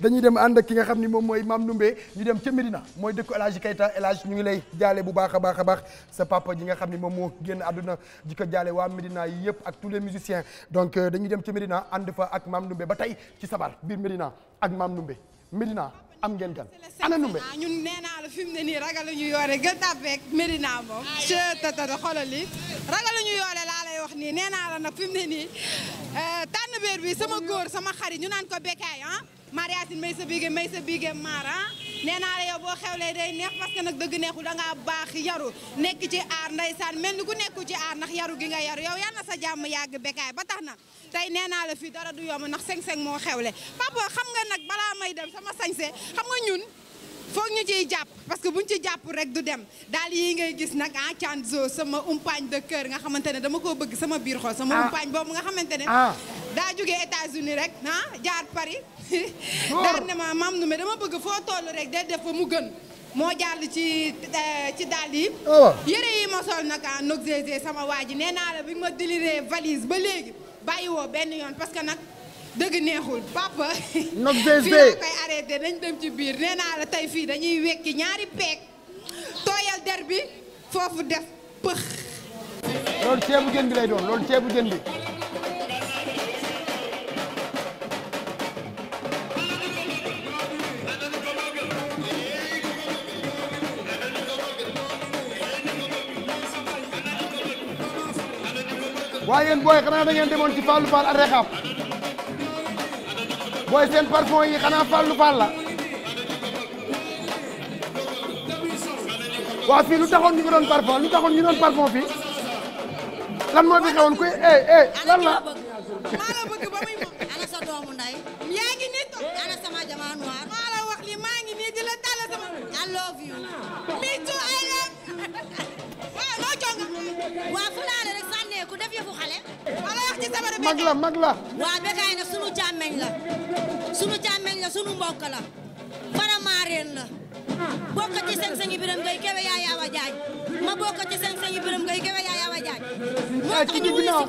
dañuy dem ànd ki nga xam ni moom mooy Mame Ndoumbe ñu dem ca Médina mooy dëkku El Hadj Keita El Hadj ñu ngi lay jaale bu baax a baax a baax sa papa ji nga xam ni moom moo génn àdduna di ko jaale waa Médina yi yëpp ak tous les musiciens donc euh, dañuy dem ci Médina ànd fa ak Mame Ndoumbe ba tey ci sabar biir Médina ak Mame Ndoumbe Médina am ngeen gan ana Ndoumbe ñun nee naa la fi mu ne nii ragalu ñu yoore gën tàppeek Médina moom cetata xoolal li ragalu ñu yoore wax nii nee naa la nag fi mu ne nii euh, tànn béer ñu naan ko Bécaye ah. Mariatine may sa bigé may sa bigé Mara nee naa la yow boo xewlee day neex parce que nag dëgg neexul da ngaa baax yaru nekk ci aar ndeysaan mel ni ku nekku ci aar ndax yaru gi nga yaru yow yal na sa jàmm yàgg bekaay ba tax na tey nee naa la fii dara du yomb ndax seng-seng moo xewle xam nga nag balaa may dem sama sañse xam nga ñun foog ñu ciy jàpp parce que buñ ci jàpp rek du dem daal yii ngay gis nag ah Thianzo sama umpaañ de cœur nga xamante ne dama koo bëgg sama biir xol sama ah. umpaañ boobu nga xamante ne ah. daa jógee États-Unis rek ah jaar Paris daal ne ma mam nu mais dama bëgg foo toll rek day def fa mu gën moo jàll ci eh, ci daal yi oh. yëre yi ma sol nag ah Nox sama waa ji nee naa la bi ma déliré valise ba léegi bàyyi woo benn yoon parce que nag dëgg neexul papa. nopp bee fii laa koy arrêté dañ dem ci biir nee naa la tey fii dañuy wekki ñaari peeg tooyal der bi foofu def pëx. loolu ceebu jën bi lay doon loolu ceebu jën bi. waaye xanaa da demoon ci Fallou Fall ak Rexam. booy seen parfum yi xanaa fàllu fàll la waaw lu taxoon ñu ngi doon parfum lu taxoon ñu doon parfum fii lan moo fi xewoon kuy eh eh lan la. maa la bëgg ba muy moom ana sa doomu nday yaa ngi nii toog ana sama jamaa noir maa la wax li maa ngi nii di la tàll sama I love you me too I love you ci mag la mag la waaw Bécaye nag sunu càmmeñ la sunu càmmeñ la sunu mbokk la faramaareen la bokk ci seng-sengi kewe yaa yaawa ma bokk ci seng-sengi kewe yaa yaawa jaaj moo tax ñu wuyu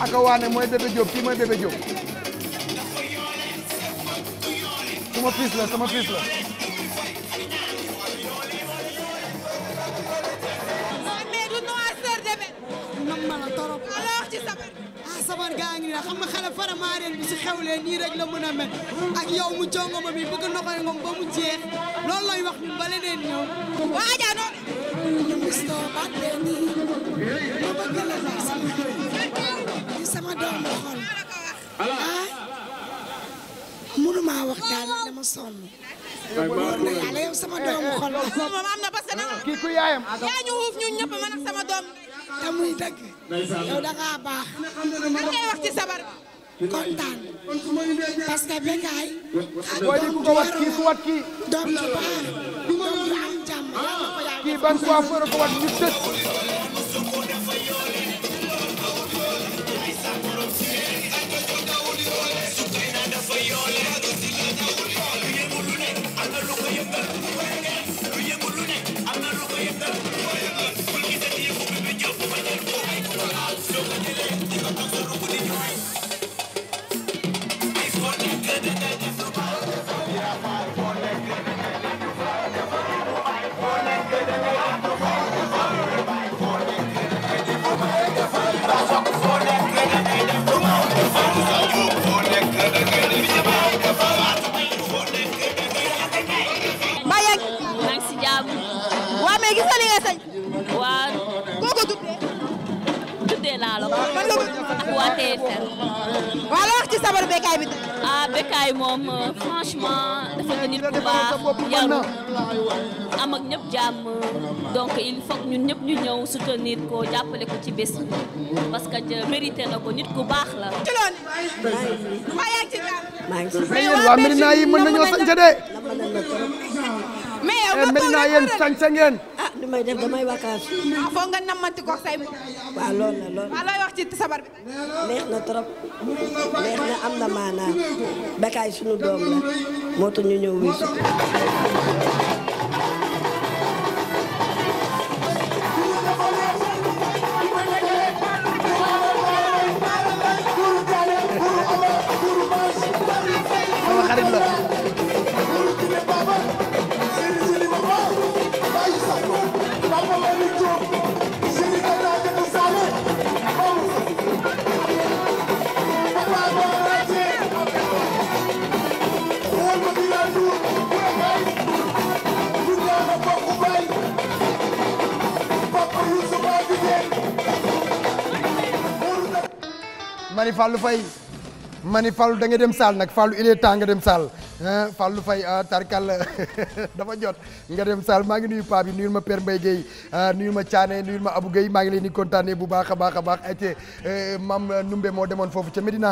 aka waane mooy bébé Diop kii mooy bébé Diop sama fils la sama fils la sabar gaa ngi nii xam nga xale faramaareen bi si xewlee nii rek la mën a mel ak yow mu jongoma bi bëgg noxoy ngom ba mu jeex loolu lay wax ñun ba leneen ñëw waa Adja noonu mu sonn. waaye yow sama doomu eh, eh. xol kii ku yaayam. yaa ñu uuf ñun ñëpp man ak sama doom. te muy dëgg. yow da ngaa baax. lan ngay wax ci sabar bi. kontaan. parce que békaay. ah doom ju yaru doom ju baax doom ju am jàmm. Ah. kii ban coiffeur ko wat ñu tëj. TFM. waaw la wax ci sabaru Bécaye bi. ah Bécaye moom euh, franchement dafa ko nit bu baax yaru am ak ñëpp jàmm donc il faut ñun ñëpp ñu ñëw soutenir ko jàppale ko ci bés bi parce que mérité na ko nit ku baax la. ci loolu. maa ngi ci jàmm. maa eh, de. mais yow eh, Medina yéen sañse ngeen. ah may def damay vacances. ah foog nga nammanti ko say mbokk. waaw loolu la loolu. waaw ah, looy wax ci sabar bi. neex na trop neex na am na maanaam Bécaye sunu doom la moo tax ñu ñëw wii mani Fallou Faye mani Fallou da nga dem saal nag Fallou il est temps nga dem saal Fallou fay ah, tarkal dafa jot nga dem saal maa ngi nuyu paa bi nuyul ma Père Mbaye Gueye ah, nuyul ma Thiané nuyul ma Abou Gueye maa ngi leen di kontaane bu baax a baax a baax ayca eh, mam Numbe moo demoon foofu ca Medina.